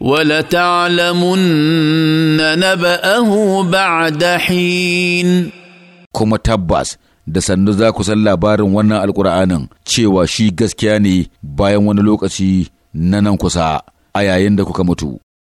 ولتعلمن نبأه بعد حين kuma tabbas da sannu za ku san labarin wannan alkur'anin cewa shi gaskiya ne bayan wani lokaci na nan kusa a yayin da kuka mutu